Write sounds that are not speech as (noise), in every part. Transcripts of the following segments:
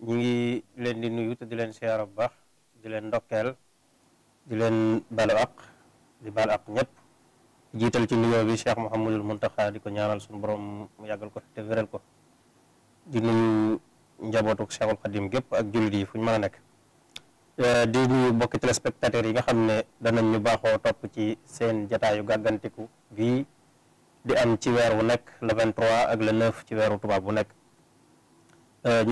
ñi ngi leen di nuyu te di leen siyaara bu baax di leen ndokkeel di leen balu aq di balu aq ñëpp jiital ci nuyoo bi mu Cheikh mënta Muntaxa di ko ñaanal suñu borom mu yàggal ko fi te wéral ko di nuyu njabootu Cheikhul Xadim gépp ak jullit yi fu ñu mën a nekk eh, di nuyu mbokki téléspectateurs yi nga xam ne danañ ñu baaxoo topp ci seen jataayu gàggantiku gii di am ci weer wu nekk le 23 ak la 9 ci weeru tubaab bu nekk eh,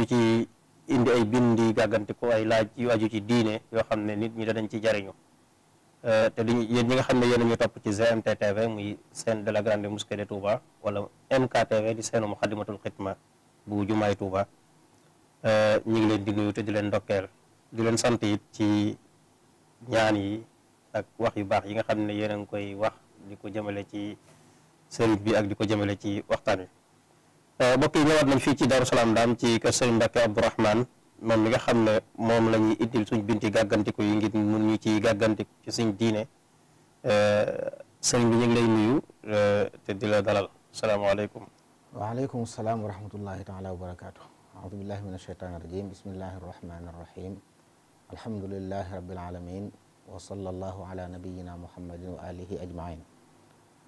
indi ay bindi gàggante ko ay laaj yu aju ci diine yoo xam ne nit ñi danañ ci jariñu euh, te duñu yéen ñi nga xam ne yéen ñu topp ci GMT TV muy chaîne de la grande mosquée de Touba wala MKTV di seenu Muxaddamatul Xidma bu jumaay Touba euh, ñu ngi leen di nuyu te di leen ndokkeel di leen sant it ci ñaan yi ak wax yu baax yi nga xam ne yéen a ngi koy wax di ko jëmale ci sëriñ bi ak di ko jëmale ci waxtaan wi Eh, mbokk yi ñëwaat nañ fii ci Darou Salaam daam ci ka kër Serigne Mbacke Abdourahmane moom mi nga xam ne moom la ñuy indil suñ binti gàggantiku yi ngir mun ñu ci gàggantiku ci suñ diine eh, sëriñ bi ñu ngi lay nuyu eh, te di la dalal salaamaaleykum waaleykum salaam wa rahmatullahi taala wa barakaatu aoudu billahi min asheytaan irrajim bismillahi arrahmani irrahim alhamdulilahi rabbil alamin wa sallallahu ala nabiyina muhammadin wa alihi ajmain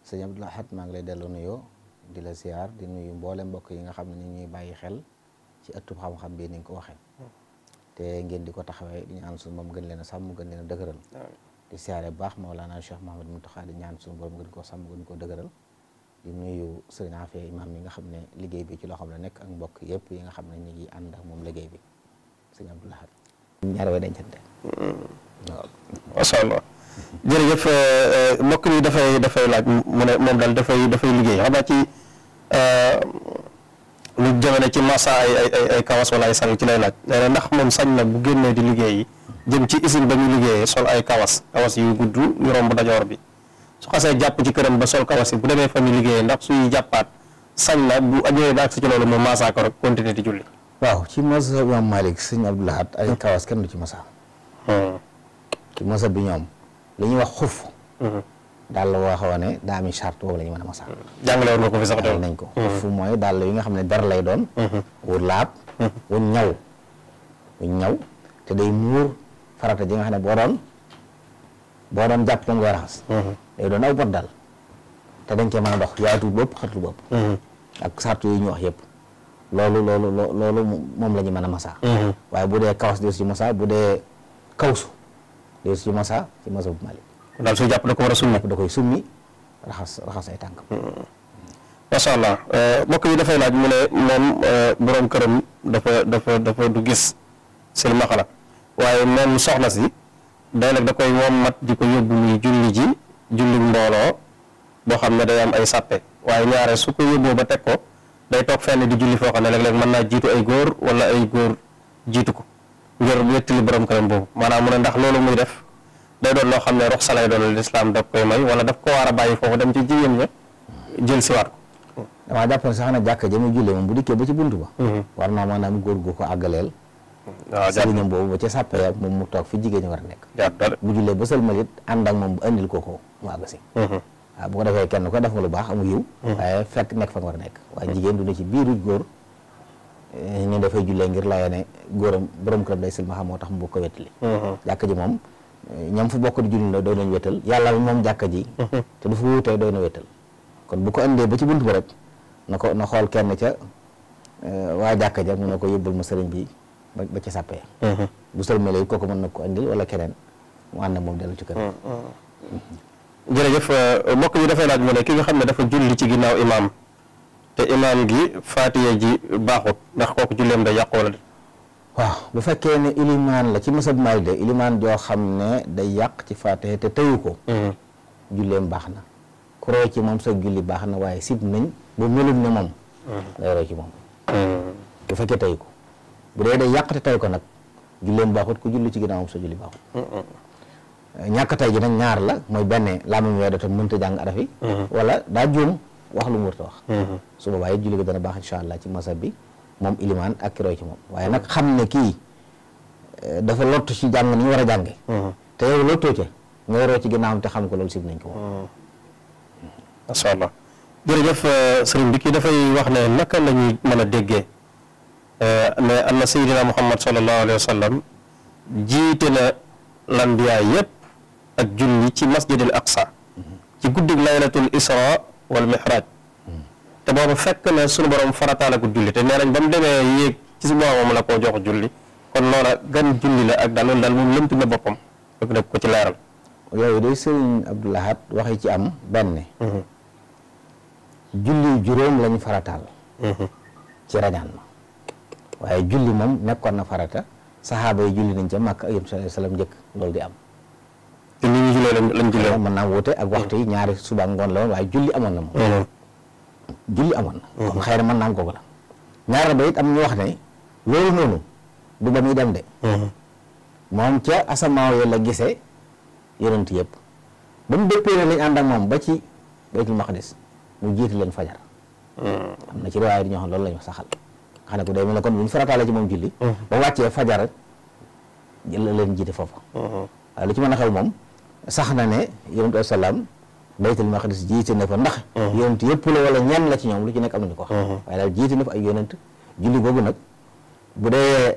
sëriñ Abdul Ahad maa ngi lay delloo nuyoo di la ziar di nuyu mboole mbokk yi nga xam ne ni ñuy bàyyi xel ci ëttub xam-xam bi ni nga ko waxee te ngeen di ko taxawee di ñaan suñu gën leen a sàmm gën leen a dëgëral di siyaare bu baax Mawlana Cheikh Mouhamed Mountakha di ñaan suñu borom koo sàmm koo dëgëral di nuyu sëriñ nga xam ne liggéey bi ci loo xam ne nekk ak mbokk yëpp yi nga xam ne ñu ngi ànd ak moom liggéey bi sëriñ Abdoulaye ñaar way dencante waaw hmm. jërëjëf eh, eh, mbokk mi dafay dafay laaj mu ne moom daal dafay dafay liggéey xam naa ci lu jëmale ci massa ay ay ay kawas wala ay sang ci lay laaj nee na ndax moom sañ na bu génnee di liggéeyi jëm ci usine ba muy liggéeyee sol ay kawas kawas yu gudd yu romb dajoor bi su xasee jàpp ci këram ba sol kawas yi bu demee fa muy liggéeyee ndax suy jàppaat sañ na bu ajee ba ak ci loolu moom massa ko rek continuer di julli. waaw ci mazhab Imam Malik sëñ Abdou Lahad ay hmm. kawas kenn du ci massa. Hmm. ci mazhab bi ñoom li wax xuf. Hmm. dàll woo xaw ne daa am charte boobu la ñu a a masa hmm. jàngale woon nga ko fi sax nañ ko hmm. fu mooy dàll yi nga xam ne der lay doon hmm. wu laab wu ñaw wu ñaw te day muur farata ji nga xam ne boo doon boo doon jàpp moom nga raxas day doon aw bot dal te dañ cee mën a dox yaatu bopp xatlu bopp ak sart yooyu ñu wax yëpp loolu loolu loolu moom la ñu a masa waaye bu dee kawas des ci masa bu dee kawsu des ci masa ci masa bu mali ndax su jàpp da ko war a summi da koy summi raxas hmm. macha allah euh, mbokk bi dafay laaj mu ne moom euh, borom këram dafa dafa dafa du gis silmaxa la waaye moom soxna si day nag da koy wommat di ko yóbbu muy julli ji julli mbooloo boo xam ne day am ay sàppe waaye ñaare su ko yóbboo ba teg ko day toog fenn di julli foo xam ne léeg-léeg mën naa jiitu ay góor wala ay góor jiitu ko ngir wettali borom këram boobu maanaam mu ne ndax loolu muy def day doon loo xam ne ruxsa lay doon lislaam daf koy may wala daf ko war a bàyyi foofu dem ci jigéen ña jël si waat ko damaa jàppoon sax na jàkk jëmu jullee moom ba ci bunt ba mhm. war naa maanaam góor gu ko àggaleel waaw sëriñam boobu ba ca sàppe ya moom mu toog fi jigéen ñi war a nekk bu ba sëlmalit ànd ak moom bu indil ko ko mu àgg si mhm. waaw bu ko ko def nga lu baax amu yiw mhm. waaye fekk nekk fa nga a nekk waaye jigéen du ci biiru góor ñu eh, dafay jullee ngir laye ne góoram borom këram day sëlma xam moo tax mu bu ko wettali jàkk ji moom ñam fu bokk di julli la doy nañ wetal yàlla moom jàkka ji (laughs) te du fu wuutee doy na wetal kon bu ko indee ba ci bunt ba rek na ko na xool kenn ca eh, waa jàkka ja mu ne ko yóbbul ma sëriñ bi ba ci sàppee uh-huh. bu sëlmale yi kooku mën na ko indil wala keneen mu ànd ak moom dellu ci kër uh-huh. jërëjëf uh, mbokk yi dafay laaj mu ne ki nga xam ne dafa julli ci ginnaaw imaam te imaam gi faatiya ji baaxut ndax kooku julleem da yàqoo la waaw bu fekkee ne ilimaan la ci masab Maalike ilimaan joo xam ne day yàq ci faatiha te teyu ko mm-hmm. julleem baax na ku roy ci moom sa julli baax na waaye sib nañ bu melut ne moom day mm-hmm. roy ci moom mm-hmm. bu fekkee teyu ko bu dee day yàq te teyu ko nag julleem baaxut ku julli ci ginnaawam sa julli baaxut ñàkk tay ji nag ñaar la mooy benn laamam yooyu dafa mënta jàng araf yi wala daa juum wax lu mu warta wax su boobaa it julli ko dana baax incha allah ci masab bi moom ilimaan ak ki roy ci moom waaye nag xam ne kii eh, dafa lottu ci jàng ni war a jànge mm-hmm. te yow lottoo ca ngay roy ci ginnaawam te xam ko loolu sib nañ ko moom mm-hmm. macha allah jërëjëf eh, bi kii dafay wax ne naka la ñuy a déggee eh, ne anna sayyidina muhammad sallallahu alayhi wa sallam jiite na lambiyaa yépp ak julli ci masjidil aqsa mm-hmm. ci guddig laylatul isra wal mihraj te boobu fekk na sunu borom farataale ko julli te nee nañ ba mu demee yéeg ci su boromam la koo jox julli kon loola gan julli la ak daal loolu daal ko ci leeral. yooyu day sëriñ ci am benn. Mhm. julli juróom lañu farataal. Mhm. ci rañaan ma waaye julli moom nekkoon na farata saxaaba yi julli nañ ca màkk ak yëm salaam njëkk loolu di am. te ni ñu jullee lañ jullee mën naa wuute ak waxtu yi ñaari suba ngoon la woon waaye julli amoon na moom. Mhm. julli amoon na kon xëy na mën naa am googu la ñaareel ba am ñu wax ne loolu noonu du ba muy dem de moom ca asamaaw ya la gisee yonent yëpp ba mu dëppee ne lañ ànd ak moom ba ci baytul maqdis mu jiitu leen fajar am na ci riwaaya di ñoo xam loolu la ñu saxal xam ne ko day mel ne kon bu ñu farataale ci moom julli ba wàccee fajar la leen jiite foofu mm-hmm. waaye lu ci mën a xew moom sax na ne yonent asalaam baytul maqdis jiite na fa ndax uh-huh. yonent yëpp la wala ñenn la ci ñoom lu ci nekk am nañu ko wax uh-huh. waaye daal jiite na fa ay yonent julli googu nag bu dee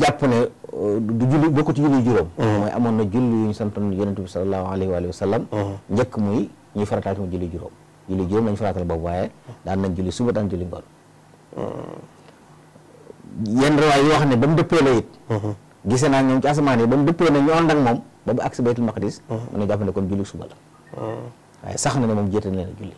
jàpp ne uh, du julli bokkut julli juróom uh-huh. mooy na julli yu ñu santoon yonent bi sallallahu alayhi wa sallam njëkk muy ñuy farataal mu julli juróom julli juróom lañu faraatal boobu waaye daan nañ julli suba daan julli ngoon yenn rawaay yoo xam ne ba mu dëppee la it gise naa ñoom ci asamaan yi ba mu dëppee na ñu ànd ak moom ba mu agsi baytul maqdis mën na jàpp kon julli suba la waaye sax na ne moom jiital na leen julli.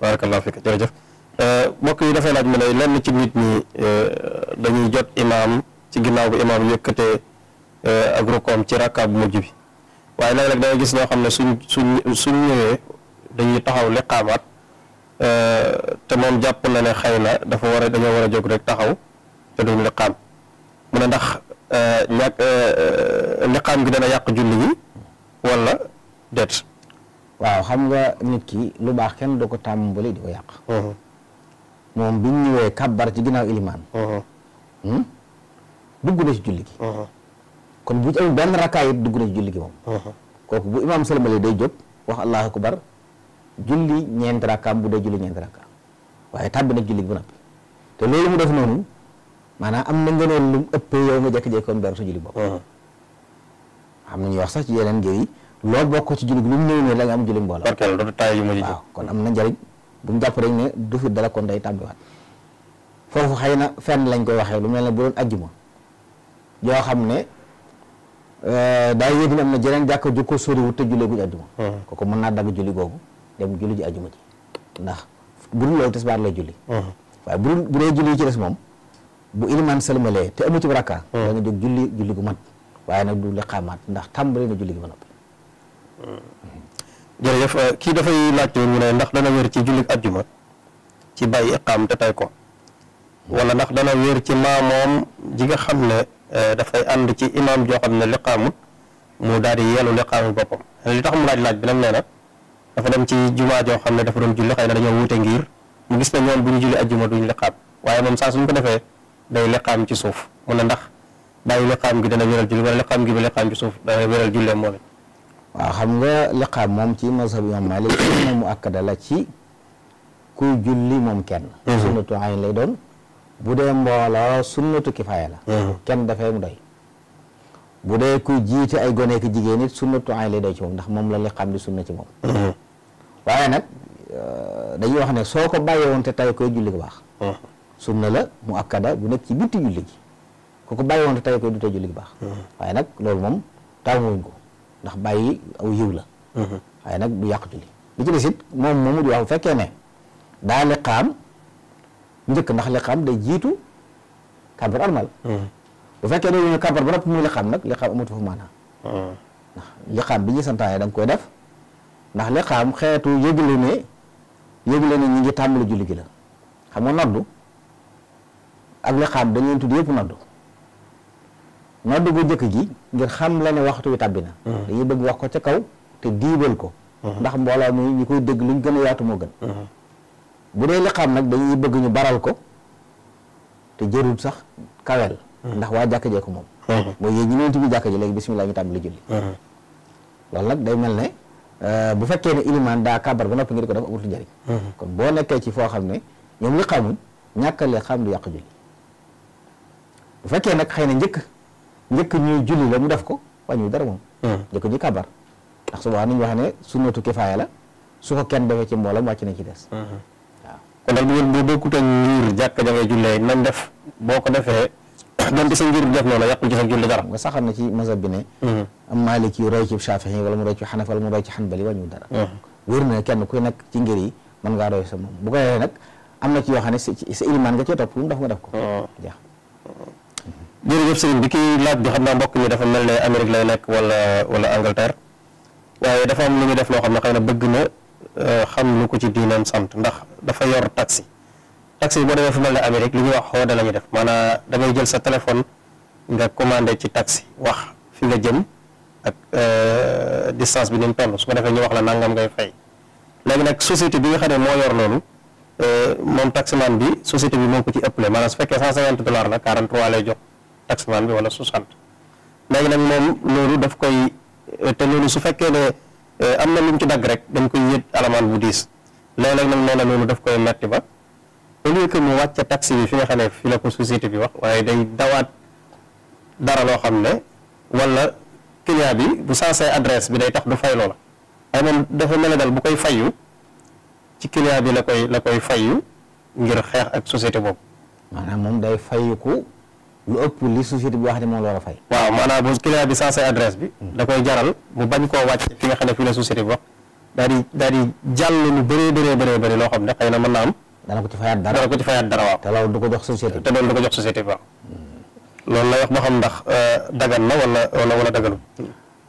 barakallahu fik jërëjëf euh, mbokk yi dafay laaj mu ne lenn ci nit ñi euh, dañuy jot imaam ci ginnaaw bi imaam yëkkatee euh, agrocom ci rakka bu mujj bi waaye léeg-léeg dangay gis ñoo xam ne suñ suñ suñ ñëwee dañuy taxaw liqaamaat te moom jàpp na ne xëy na dafa war a dañoo war a jóg rek taxaw te duñ liqaam mu ne ndax ñàkk liqaam gi dana yàq julli gi wala déet waaw xam nga nit ki lu baax kenn doo ko tàmm tàmbali di ko yàq mhm. moom bi ñu ñëwee kàbbar ci ginnaaw ilimaan mhm. hmm? dugg na ci julli gi mhm. kon bu benn rakkaay dugg na ci julli gi moom kooku bu imaam sëlmale day jóg wax allahu akbar julli ñeenti rakkaam bu dee julli ñeenti rakkaam waaye tàbbi na julli gi bu noppi te loolu mu def noonu maanaam am na ngëneel lu ëpp ëppee yow nga jékki-jékki woon benn sa julli bopp xam nañuy wax sax ci yeneen ngir yi loo bokk ci jullit lu mu néew ne la nga am jullit mbooloo. barkeel am na njëriñ bu jàpp rek ne du fi dara day tàmbiwaat foofu xëy na fenn lañ koy waxee lu mel ne bu doon ajjuma yoo xam ne euh, daa yëg ne na jeneen jàkk ju ko sóoriwut te jullee guñ hmm. mën dagg julli googu dem julli ji ajjuma ndax bu dul loolu tisbaar lay julli hmm. waaye bu dul bu dee julli ci des moom bu ilimaan sëlmalee te hmm. julli julli gu mat waaye nag du liqaamaat ndax tàmbali na julli gi ba noppi jërëjëf euh, kii dafay laajte mu ne ndax dana wér ci jullit ajjuma ci bàyyi iqaam te tay ko wala ndax dana wér ci maamoom ji nga xam ne euh, dafay ànd ci imaam joo xam ne liqaamut mu daal di yeelu liqaamu boppam li tax mu laaj laaj bi nag nee na dafa dem ci jumaa joo xam ne dafa doon julli xëy ne dañoo wuute ngir mu gis ne ñoom bu ñu julli ajjuma duñ liqaam waaye moom saa suñ ko defee day liqaam ci suuf mu ne ndax bàyyi liqaam gi dana wéral julli wala liqaam gi ba liqaam ci suuf dana wéral jullee moom it waa xam nga liqaam moom ci mazhab imam Malik sunna (coughs) mu akkada la ci kuy julli moom kenn mhm. sunnatu ayn lay doon bu dee mbooloo sunnatu kifaaya la mhm. kenn dafay mu doy bu dee kuy jiite ay goneek jigéen it sunnatu ayn lay doy ci moom ndax moom la liqaam di sunna ci moom mhm. waaye nag euh, dañuy wax ne soo ko bàyyee woon te tay koy julli ko baax sunna la mu akkada bu nekk ci bitti julli gi ku bàyyi woon te tay koy julli gi baax waaye nag loolu moom taamuwuñ ko ndax bàyyi aw yiw la mhm. waaye nag du yàq julli li ci des moom moomu di wax bu fekkee ne daa liqaam njëkk ndax liqaam day jiitu kàbbar armal mhm. bu fekkee ne ñu kàbbar ba noppi muy liqaam nag liqaam amatu fa maanaa mhm. ndax liqaam bi ñu santaane da koy def ndax liqaam xeetu yëgle ne yëgle ne ñi ngi tàmbali julli gi la xam nga noddu ak liqaam dañ leen tudd yëpp noddu nodd gu njëkk ji ngir xam la ne waxtu wi tàbbi na mm-hmm. dañuy bëgg wax ko ca kaw te diibal ko mm-hmm. ndax mbooloo mi ñu koy dégg luñ gën a yaatu moo gën mm-hmm. bu dee li xam nag dañuy bëgg ñu baral ko te jërul sax kawel ndax waa jàkk jee ko moom mooy yéen ñi nenti bi jàkk ji léegi bisimilah ñu tàmbali julli loolu nag day mel ne euh, bu fekkee ne ilimaan daa kàbbar ba noppi nga di ko def amatul njëriñ kon boo nekkee ci foo xam ne ñoom li xamuñ ñàkkalee xam du yàq julli fekkee nag xëy na njëkk njëkk ñuy julli la mu def ko wàññiwul dara moom. Hmm. njëkk ñuy kabar ndax su boobaa ni ñu wax ne sunnatu kifaaya la su ko kenn defee ci mbooloom wàcc nañ ci des. Hmm. waaw kon nag bu bu bokkut ak ngir jàkka ja boo ko defee (coughs) donte sa ngir bi def noonu sa dara. nga saxal na ci mazhab bi ne. Hmm. am Maliki roy ci Shaafi'i wala mu roy ci Xanafi wala mu roy ci Xanbali wàññiwul dara. wér na kenn ku nekk ci ngir yi mën ngaa roy sa moom bu ko defee am na ci yoo xam ne sa sa ilimaan nga cee topp mu def nga def ko. jërëjëf sëriñ bi kii laaj bi xam naa mbokk mi dafa mel ne Amérique lay nekk wala wala Angleterre waaye dafa am lu ñu def loo xam ne xëy ne bëgg na euh, xam lu ko ci diineem sant ndax dafa yor taxi taxi boo demee fu mel ne Amérique li ñuy wax xooda la def maanaam da jël sa téléphone nga commander ci taxi wax fi nga jëm ak euh, distance bi ni mu toll su ko defee ñu wax la nangam ngay fay léegi nag société bi nga xam ne moo yor loolu euh, moom taximan bi société bi moo ko ci ëppale maanaam su fekkee 150 dollars la 43 lay jox. taximan bi wala soixante léegi nag moom loolu daf koy te loolu su fekkee ne eh, am na lu ci dagg rek dañ koy yët alamaan bu diis léeg-léeg nag nee na loolu daf koy metti ba ba lieu que mu wàcce taxi bi fi nga xam ne fi la ko société bi wax waaye day dawaat dara loo xam ne wala client bi bu sansee adresse bi day tax du fay loola ay dafa mel ne daal bu koy fayu ci client bi la koy la koy fayu ngir xeex ak société boobu maanaam moom day fayu ko lu ëpp li société bi wax ne moom la war a fay. waaw maanaam bu client bi sensé adresse bi. da koy jaral mu bañ koo wàcc fi nga xam ne fii la société bi wax daal jàll lu bëree bëree bëree bëri loo xam na mën naa am. dana ko ci fayaat ko ci dara waaw. te loolu du hmm. wax ba xam ndax euh, dagan na wala wala wala daganul.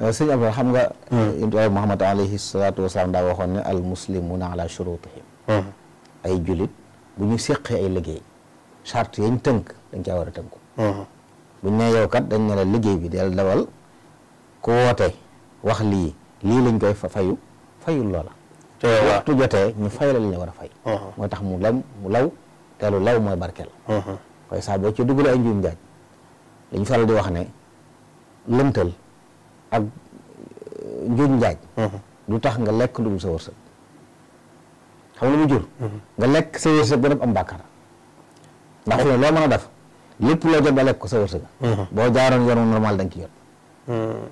Euh, sëñ Abdou xam nga. waaye hmm. euh, Muhammad alayhi salaatu wa salaam daa waxoon ne al muslimuna ala shurutihim hmm. ay julit bu ñu seqee ay liggéey charte yañ tënk dañ a war a tënku Uh-huh. buñ ne yow kat dañ ne la liggéey bi del dawal ku woote wax lii lii lañ koy fayu fayul loola waxtu jotee ñu fay la li war a fay uh-huh. moo tax mu lam mu law te lu law mooy barkeel uh-huh. waaye saa boo ci dugalee ay njuum njaaj dañu faral di wax ne lëntal ak eh, njuum njaaj du tax nga lekk lu dul sa wërsëg xam lu mu jur nga lekk sa wërsëg ba def am bàkkaar ndax fu ne loo mën a def lépp loo jot ba lekk ko sa wërsëg. Mm-hmm. boo jaaroon yoonu normal da nga ciy jot. Mm-hmm.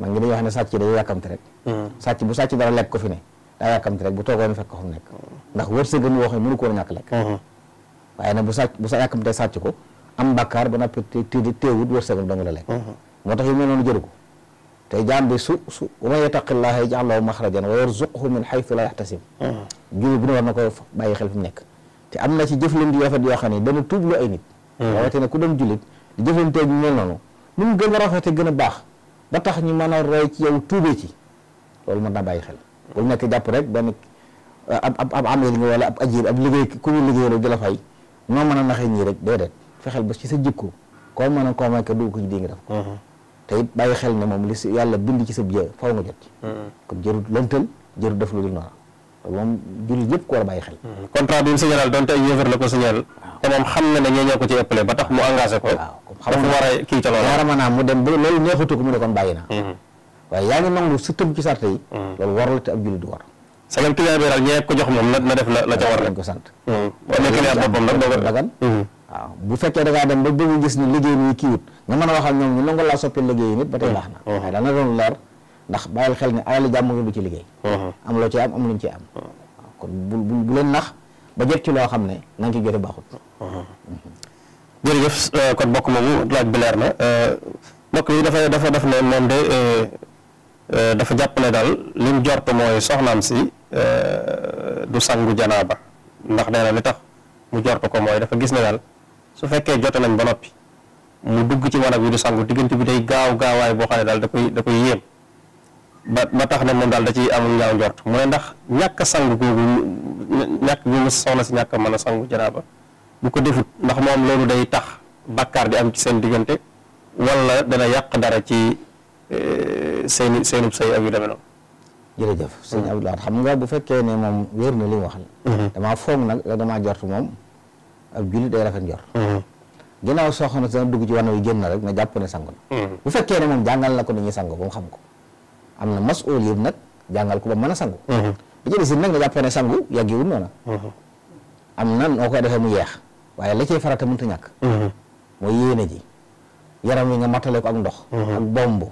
man ngi dañuy wax ne sàcc dañuy yàkkamti rek. Mm-hmm. sàcc bu sàcc dara lekk ko fi ne daa yàkkamti rek bu toogoon fekk ko fa mu nekk. ndax wërsëgam woo xam ne mënu ko woon a ñàkk lekk. waaye nag bu sàcc bu sa yàkkamtee sàcc ko am bakkaar ba noppi te teewut wërsëgam dong la lekk. moo tax yu mel noonu jëru ko te jaam bi su su wa man yattaqillaha yaj'al lahu na ko bàyyi xel fi nekk. te am na ci jëflandi yoo xam ne dana tuublu ay nit Mm-hmm. rawatina ku doon jullit di jëfante ñu mel noonu nu mu gën a te gën a baax ba tax ñu mën a roy ci yow tuubee ci loolu mën naa bàyyi xel bul nekk jàpp rek benn ab ab ab amee li nga wala ab ajir ab liggéey ku ñu liggéeyal di la fay noo mën a naxee ñii rek déedéet fexeel ba ci sa jikko koo mën a convaincre dugg ko ci dii nga def mm-hmm. te it bàyyi xel ne moom li si yàlla bind ci sa jë faw nga jot ci mm-hmm. kon jërut lëntal jërut def lu dul noonu moom jullit yëpp ko war a bàyyi xel contrat bi mu signalal donte te moom xam na ne ñoo ñoo ko ci ëppale ba tax mu engagé ko. waaw xam nga war a kii ca loolu. mu dem ba loolu neexutu ko mu ne kon bàyyi na. Mm-hmm. waaye yaa ngi nangu si tëb ci sart yi. Mm-hmm. loolu war la te ab jullit du war. sagam client bi daal ñee ko sant. Mm-hmm. bu fekkee da ngaa dem ba bëgg gis ni liggéey bi kiiwut nga mën a waxal ñoom ñu nangu laa soppi liggéey nit ba tey baax na waaye dana doon leer ndax bàyyil xel ne alali jàmm nga ci liggéey am loo ci am am luñ ba jot ci loo xam ne na nga ci jotee baaxut. jërëjëf euh, kon mbokk moomu laaj bi leer na euh, mbokk yi dafa dafa def ne moom de euh, dafa jàpp ne daal li mu jort mooy soxnaam si du sangu ba ndax nee na li tax mu jort ko mooy dafa gis ne daal su fekkee jote nañ ba noppi mu dugg ci wanag wi du sangu diggante bi day gaaw gaawaay boo xam ne daal da koy da koy yéem. ba ba tax na moom daal da ciy am ñaaw njort mu ne ndax ñàkk sangu googu ñàkk googu soxna si ñàkk mën a sangu janaaba bu ko defut ndax moom loolu day tax bakkaar di am ci seen diggante wala dana yàq dara ci eh, seeni seenub sëy ak yu demee noonu jërëjëf sëñ Abdou xam nga bu fekkee ne na li mu wax mm-hmm. damaa foog nag la damaa jort moom ab jullit day rafet njort mm-hmm. ginnaaw soxna si dana dugg ci wann yu rek na jàpp ne sangu mm-hmm. bu fekkee ne moom jàngal na ko ni ñuy sangu ba mu xam ko am na masul yëpp nag jàngal ko ba mën a sangu mhm. bi ci des nag nga jàppee ne sangu yàggiwul noona mhm. am na noo koy defee mu yeex waaye la cay farata mënta ñàkk mhm. mooy yéene ji yaram wi nga mattale ko ak ndox ak bomb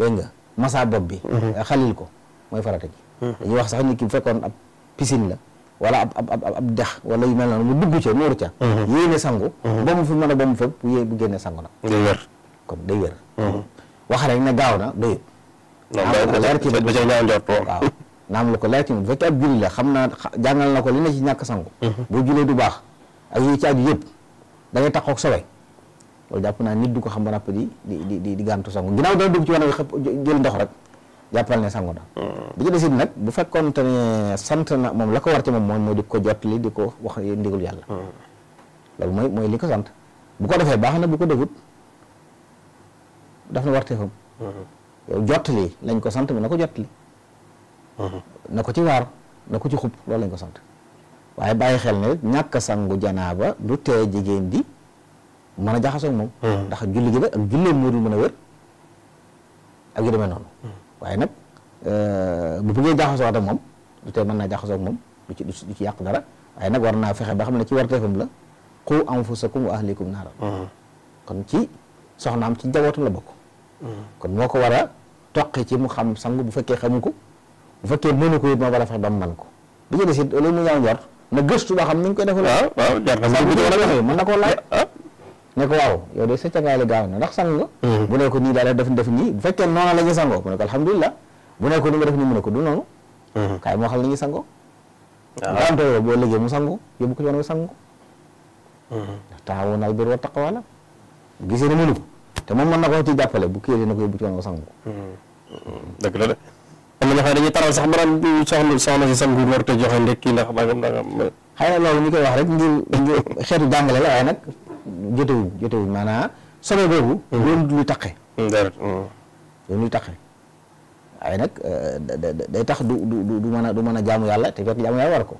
dégg nga bopp bi xalil ko mooy farata ji dañuy wax sax nit ki bu fekkoon ab piscine la wala ab ab ab dex mu dugg ca nuuru ca yéene sangu ba mu fi mën a ba mu fépp bu yée bu génnee sangu na day wér kon day wér wax rek ne gaaw na doyut naam ko leer ci moom waaw naam lu ko leer ci moom bu fekkee ab julli la xam naa jàngal na ko li ne ci ñàkk sangu mhm. boo jullee du baax ak yi ci aju yëpp da ngay taxaw loolu jàpp naa nit du ko xam ba napp di di di di gàntu sangu ginnaaw dana dugg ci wane xëpp jël ndox rek jàppal ne sangu na mm. bi ci desit nag bu fekkoon te ne sant na moom la ko war ci moom mooy moo di ko jottali di ko wax ndigal yàlla mm. loolu mooy mooy li ko sant bu ko defee baax na bu ko defut daf na warteefam mm-hmm. jottali lañ ko sant mi na ko jottali mhm. na ko ci waar na ko ci xub loolu lañ ko sant waaye bàyyi xel ne ñàkk sangu janaaba du tee jigéen di mën a jaxasoog moom mhm. ndax julli gi ba ak julleem moo a wér ak noonu mhm. waaye nag euh, bu bëggee jaxasoo ak moom du tee mën naa jaxasoo ak moom du ci du ci yàq dara waaye nag war naa fexe ba xam ne ci warteefam la qu anfusakum wa ahlikum naaran kon ci soxnaam ci jabootam la bokk kon moo ko war toq ci mu xam sangu bu fekkee xamu ko bu fekkee mënu ko it ma war a fexe ba mu man ko bi ci des it loolu mu ñaaw njort na gëstu ba xam ni ñu koy defal waaw waaw na ah, ah. ko waaw yow de sa cangaale gaaw na ndax sang nga mm-hmm. bu ne nii daal def def nii bu fekkee noonu la ñuy sangoo mu ne ko alhamdulilah bu ne ko ni def nii mu ne ko du noonu mm-hmm. kaay moo xam la ñuy sangoo ah. daamta yow boo liggéey mu sangu yóbbu ko yoon mu sangu mm-hmm. ndax taxawu naal bir wa taqwa la gisee ne mënu ko te moom mën na ko ci jàppale bu kii na ko yóbbu ci kanam sangu ko. dëgg la de xam ne sax maanaam soxna si sangu war te joxe ndekki ndax ba nga loolu ñu koy wax rek ngir xeetu jàngale la waaye nag jotewuñ jotewuñ maanaam sobe boobu. loolu hmm. luy taqe. Hmm, dara loolu hmm. luy taqe. waaye nag eh, day tax du du du mën a du mën a jaamu yàlla te fekk jaamu yàlla war ko.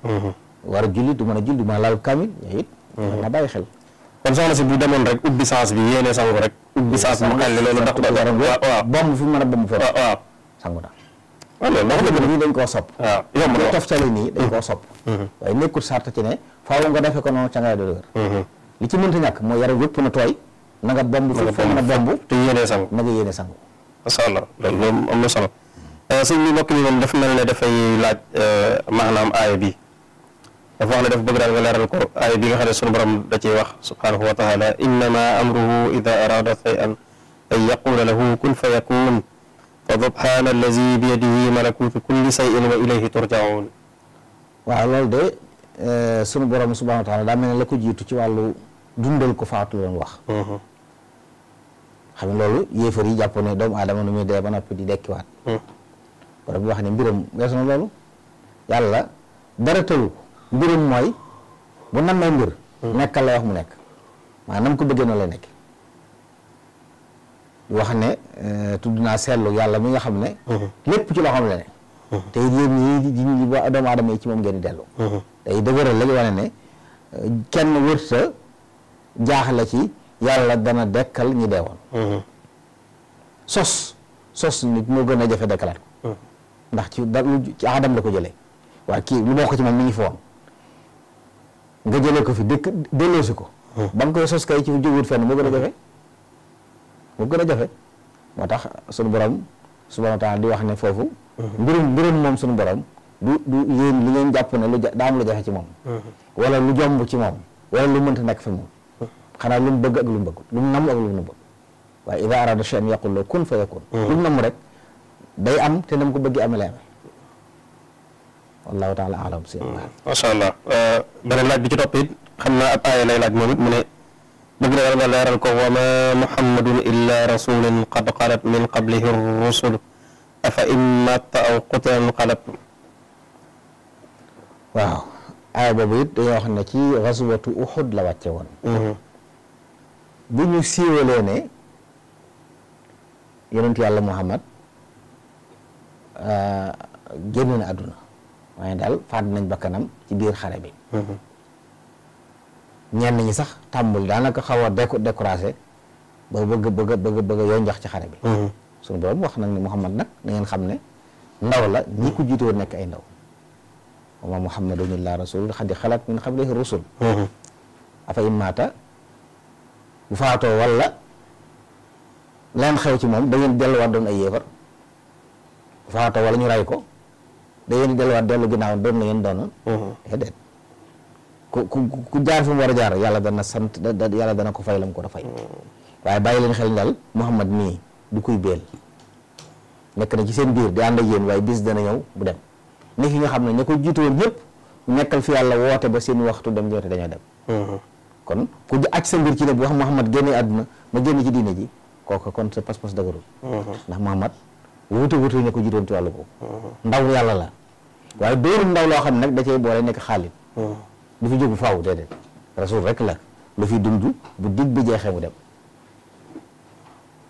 war a julli du mën a julli du mën a laal kamil yooyu it. mën bàyyi xel. kon soxna si bu demoon rek ubbi saas bi yéene sangu rek ubbi saas mu xel loolu daq ko dara waaw bomb fi mu a bomb foofu waaw sangu daal waaw loolu wax dëgg nii dañ koo sopp na toftale nii dañ koo sopp waaye nekkul sart ci ne faaw nga defee ko noonu ca ngay doolu wér mm-hmm. li ci mënta ñàkk mooy yaram yëpp na na nga bomb fi foo a bomb te yéene sangu na nga yéene sangu macha allah loolu am na solo eh, sëñ bi moom daf mel ne dafay laaj eh, maanaam aaya bi dafa wax ne dafa bëgg daal ne sunu borom da ciy wax subhanahu wa taala innama amruhu ida arada shay'an an yaqula lahu kun fa yakun fa subhana allazi bi yadihi malakutu kulli shay'in wa ilayhi turjaun waaw loolu de eh, sunu borom subhanahu wa taala ko dundal ko faatu loon wax mm-hmm. xam nga loolu yéefar yi jàpp ne doomu aadama nu dee ba noppi di dekkiwaat mm. borom bi wax ne mbiram weesu na loolu yàlla dara mbirum mooy bu namee mbir. nekkal la wax mu nekk maanaam nam ko bëggee noonu lay nekk wax ne euh, tudd naa seetlu yàlla mi nga xam ne. Mhm. lépp ci loo xam la ne. Mhm. te it ñii di ñu doomu aadama yi ci moom ngeen di dellu. day mhm. dëgëral la ñu wane ne kenn wërta jaaxle ci yàlla dana dekkal ñi deewoon. sos sos nit moo gën a jafe dekkalaat ko. ndax ci da ci aadam la ko jële waa kii lu bokk ci moom mi ngi foon. nga jëlee ko fi dëkk delloosi ko. Hmm. ba koy sos kay ci fu jógul fenn moo gën a hmm. jafe. moo gën a jafe moo tax suñu borom subhanahu wa taala di wax ne foofu. Hmm. mbirum mbirum moom suñu borom du du yéen lu ngeen jàpp ne lu ja daa am lu jafe ci moom. wala lu jomb ci moom wala lu mënta nekk fi moom. xanaa lu mu bëgg ak lu mu bëggul lu mu nam ak lu mu nam waaye ida arada shay'an yaqul lahu kun fa yakun. lu mu nam rek day am te na mu ko bëggee amee lay wallahu taala alam si macha allah beneen laaj bi ci topp it xam naa ab aaya lay laaj moom it mu ne bëgg na nga leeral ko wa ma muhammadun illa rasulun qad xalat min qablihi rusul afa in maata aw qutilan inqalabtum waaw aaya boobu it dañoo wax ne ci xasuwatu uxud la wàcce woon hmm. bu ñu siiwalee ne yonent yàlla muhammad euh, génn na àdduna waaye daal faat nañ bakkanam ci biir xare bi mhm. ñenn ñi sax tàmbul daanaka xaw a découragé ba bëgg bëgg bëgg bëgg yoon jox ci xare bi mhm. suñu boroom wax nag ni Muhammad nag na ngeen xam ne ndaw la ñi ko jiitoo nekk ay ndaw wa ma Muhammadun illa rasul xadi xalaat min xablihi rusul mhm. afa immaata bu faatoo walla leen xew ci moom da ngeen delluwaat doon ay yéefar bu faatoo walla ñu ray ko da ngeen delluwaat dellu ginnaaw doon na ngeen doon. Uh-huh. déedéet ku ku ku jaar fi mu war a jaar yàlla dana sant da da yàlla dana ko fay lam ko da fay. Uh-huh. waaye bàyyi leen xel ndal Muhammad nii du kuy beel nekk na ci seen biir di ànd ak yéen waaye bis dana ñëw bu dem ni ki nga xam ne ña ko jiitu woon ñëpp nekkal fi yàlla woote ba seen waxtu dem joote dañoo dem. Uh-huh. kon ku aj sa mbir ci ne bu wax Muhammad génnee àdduna ma génn ci diine ji kooku kon sa pas-pas dëgërul. ndax Muhammad wuute wuute ña ko jiitoon ci wàllu boobu mm-hmm. ndaw yàlla la waaye dóoru ndaw loo xam ne nag da cay boole nekk xaalit mm-hmm. du fi jógu faaw déedéet rek la lu fi dund bu dig bi jeexee mu dem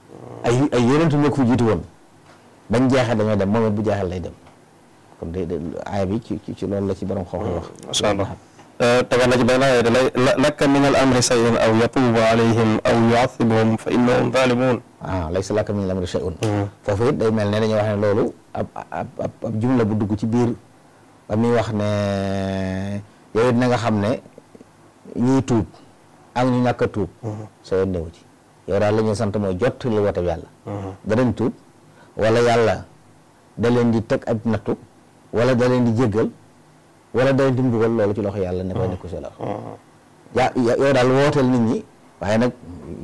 mm-hmm. ay ay yonentu ñoo ko fi jiitu woon bañ jeexee dañoo dem moom bu jeexee lay dem kon de aaya bi ci ci loolu la ci borom xoox wax macha allah tegal na ci benn aaya la laka min al amri shay'un aw yatuubu alayhim aw yu'adhibuhum fa innahum zalimun waaw ah, laysa laka min amri shay'un hmm. foofu it day mel ne dañuy wax ne loolu ab ab ab bu dugg ci biir ba muy wax ne yow it na nga xam ne ñuy tuub ak ñu ñàkk tuub hmm. sa yoon newu ci yow daal la sant mooy jot li wote yàlla hmm. danañ tuub wala yàlla da leen di teg ab nattu wala da leen di jéggal wala day dimbugal loolu ci loxo yàlla ne koy nekku mm-hmm. sa loxo mm-hmm. yaa yow daal wooteel nit ñi waaye nag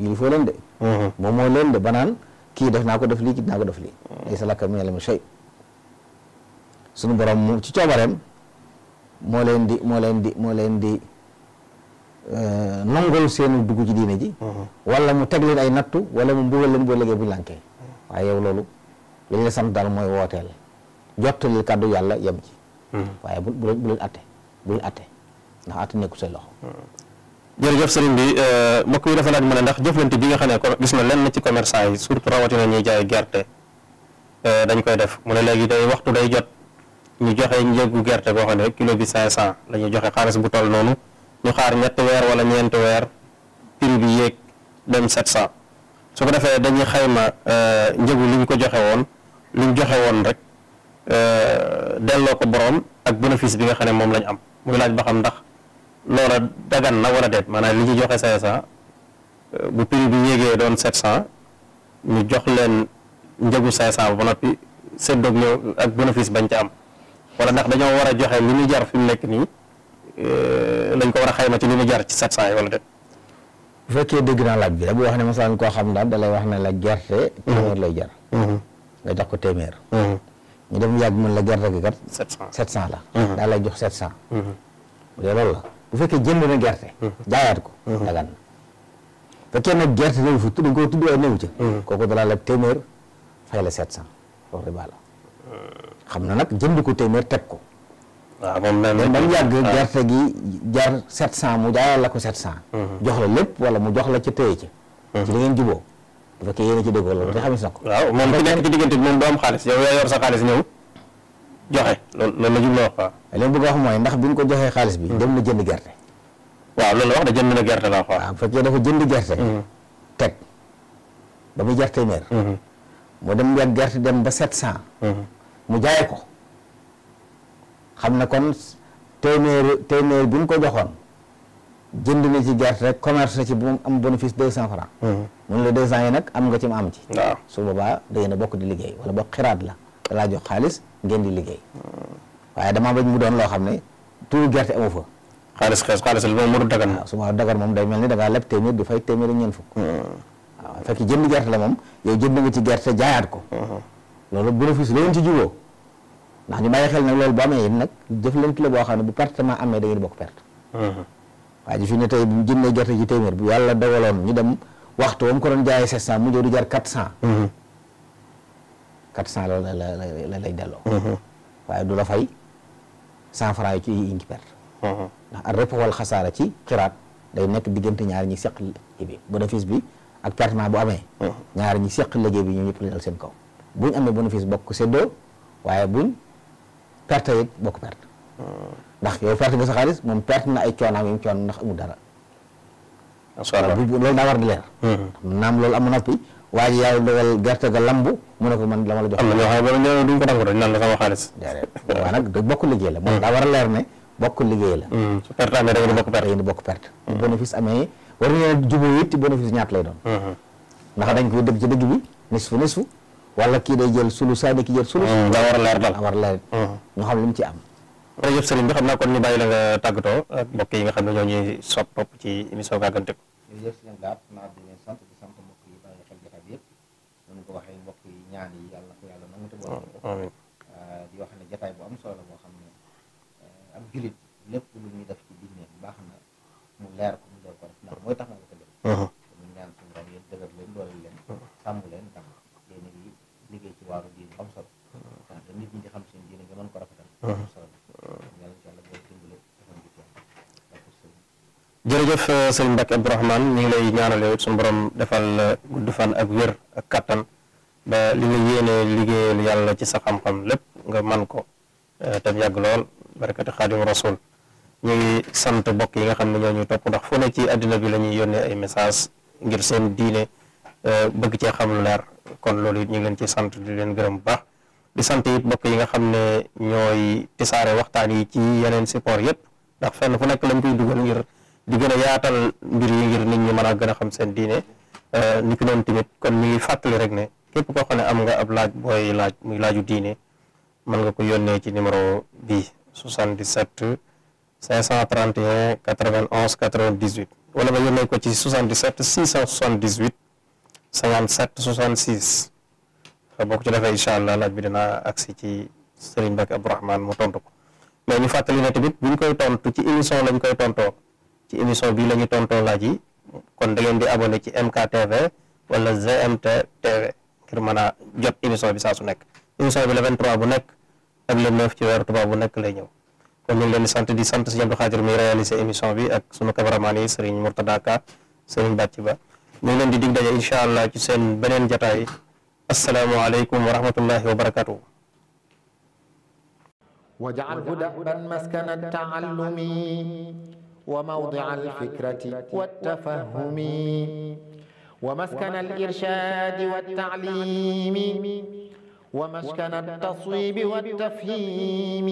il faut leen de mm-hmm. moom moo leen de banaan kii def naa ko def lii kii naa ko def lii ay salaka min al shay suñu borom mu ci coobareem moo leen di moo leen di moo leen di euh, nangol seenu dugg ci diine ji wala mu teg leen ay nattu wala mu mbugal leen boo liggéey bu waaye yow loolu li sant daal mooy wooteel jottalil kàddu yàlla yem ci waaye bu bu bu leen atte bu leen atte ndax atte nekku say loxo. Hmm. jërëjëf sëriñ bi euh, mbokk yi dafa laaj ma ne ndax jëflante bi nga xam ne gis na lenn ci commerçant yi surtout rawatina ñuy jaay gerte euh, dañ koy def mu ne léegi day waxtu day jot ñu joxe njëgu gerte goo xam ne kilo bi 500 la ñuy joxe xaalis bu toll noonu ñu xaar ñetti weer wala ñeenti weer prix bi yéeg dem 700 su ko defee dañuy xayma euh, njëgu li ñu ko joxe woon li joxe woon rek. delloo ko boroom ak bénéfice bi nga xam ne moom lañ am muy laaj ba xam ndax loola dagan na war wala deet maanaam li ñu joxe 500 euh, bu prix bi yéegee doon 700 ñu jox leen njëgu 500 ba noppi séddoog ñëw ak bénéfice bañ ca am wala ndax dañoo war a joxe li ñu jar fi mu nekk nii euh, lañ ko war a xayma ci li ñu jar ci 700 yi wala deet bu fekkee dégg naa laaj bi da bu wax ne masalan koo xam daal da wax ne la gerte mm-hmm. lay jar mm-hmm. nga jox ko téeméer mm-hmm. ñu dem yàgg mën la gerte gi kat. 700 700 la. Mhm. daa lay jox 700. Mhm. bu dee loolu la bu fekkee jënd na gerte. Mhm. jaayaat ko. dagan na fekkee nag gerte newu fi tudd ko tudd waaye newu ci. kooku dalaa la téeméer fay la 700 loolu riba la. xam na nag jënd ko téeméer teg ko. waaw moom yàgg ah. gerte gi jar 700 mu jaayal la ko 700. jox la lépp wala mu jox la ci téye ci. ci li juboo bu fekkee yéen a ci déggoo loolu te xamis na ko waaw moom ku nekk ci diggante bi moom du am xaalis yow yaa yor sa xaalis ñëw joxe loolu la jub la wax waaw li mu bëgg wax mooy ndax bi nga ko joxee xaalis bi hmm. dem na jënd gerte waaw loolu la wax da jënd na gerte laa wax waaw bu fekkee dafa jënd gerte hmm. teg ba muy jar hmm. mu dem yàgg gerte dem ba sept mu jaay ko xam na kon téeméer téeméer bi mu ko joxoon jënd na ci gerte ci bu mu am bénéfice deux cent franc hmm. mun la deux nag am nga ci mu am a bokk di liggéey wala bokk xiraat la dalaa jox xaalis ngeen di liggéey waaye damaa bañ mu doon loo xam ne tuur gerte amu fa xaalis xaalis xaalis la moom mënul dagan waaw su day mel ni da ngaa leb téeméer di fay téeméer ak hmm. la moom yow jënd nga ci gerte jaayaat ko hmm. loolu bénéfice la woon ci juboo ndax ñu bàyyi xel nag loolu bu amee yéen nag jëflante la boo xam ne bu perte amee da ngeen bokk perte waa ji fi ne tey bu jëndee gerte gi téeméer bu yàlla dogaloon ñu dem waxtu ba mu ko doon jaayee 700 mu jëw di jar 400. 400 mhm. la la la la lay delloo. Mhm. waaye du la fay 100 francs yi ci yi ngi perte. Mhm. ndax ar repp xasaara ci xiraat day nekk diggante ñaar ñi seq liggéey bi bénéfice bi ak pertement bu amee. ñaari ñi seq liggéey bi ñoom ñëpp la dal seen kaw. buñ amee bénéfice bokk séddoo waaye buñ perte yëg bokk perte. ndax yow perte nga sa xaalis moom perte na ay coonaam yi mu coon ndax amul dara. loolu daa war di leer. Hmm. naam loolu am na noppi waa ji yàlla dogal gerte ga lambu mu ne ko man dama la jox. na ñoo xam ne duñ ko d'accord ñu naan la sama xaalis. waaw nag da bokk liggéey war a leer ne bokk liggéey la. Hmm. su perte amee da ngeen bokk perte yéen bokk perte. Hmm. bénéfice amee war ngeen jubóo it bénéfice ñaata lay doon. ndax dañ ko dëgg ci dëgg bi nisfu nisfu wala kii day jël sulu saa ki jël sulu. daa war a leer dal war a ñu xam li mu ci am jërëjëf Serigne bi xam naa kon ñu bàyyi la nga tàggatoo ak mbokk yi nga xam ne ñoo ñuy sopp topp ci émission Gagganteku. jërëjëf Serigne Daab naa di leen sant di sant mbokk yi bàyyi xel jotaay ñu ko waxee mbokk yi ñaan yi yàlla ko yàlla nangu te boole amiin ah, di wax ne jotaay bu am solo boo xam ne eh, ab julit lépp lu ñuy def ci diine baax na mu leer ko mu door ko def ndax mooy tax nga ko def ñu uh-huh. ñaan suñu borom yéen dëgër leen dooleel leen uh-huh. sàmm leen a ngi uh-huh. xam seen diine nga mën ko rafetal jërëjëf euh, sëriñ Mbacke Abdourahmane ñu ngi lay ñaanale yow suñu borom defal gudd fan ak wér ak kattan ba li nga yéenee liggéeyal yàlla ci sa xam-xam lépp nga man ko euh, te yàgg lool barakati xaadim rasul ñu ngi sant mbokk yi nga xam ne ñoo ñuy topp ndax fu ne ci àddina bi la yónnee ay message ngir seen diine euh, bëgg cee xam lu leer kon loolu it ñu ngi leen ci sant di leen gërëm bu baax di sant it mbokk yi nga xam ne ñooy tisaare waxtaan yi ci yeneen support yépp ndax fenn fu nekk lañ koy dugal ngir di gën a yaatal mbir yi ngir nit ñi mën a gën a xam seen diine euh, ni ki noonu tamit kon mi ngi fàttali rek ne képp koo xam ne am nga ab laaj booy laaj muy laaju diine mën nga ko yónnee ci numéro bii 77 531 91 98 wala nga yónnee ko ci 77 678 57 66 boo ko ci defee incha allah laaj bi dina agsi ci Serigne Mbacke Abdourahmane mu tontu ko mais ñu fàttali na tamit buñ koy tontu ci émission lañ koy tontoo. ci émission bii la ñu kon da ngeen di abonné ci MKTV wala GMT ngir mën a jot émission bi saa su nekk émission bi le 23 bu nekk ak la 9 ci weeru tubaab bu nekk lay ñëw kon ñu ngi leen di sant di sant Sëriñ Abdou Khadir mi réalisé émission bi ak sunu cameraman yi Serigne Mourtada Ka Serigne Bàcc Ba ñu ngi leen di dig daje incha allah ci seen beneen jataay asalaamualeykum wa rahmatullahi wa barakatuh واجعله دأبا مسكن التعلم وموضع الفكرة والتفهم ومسكن الإرشاد والتعليم ومسكن التصويب والتفهيم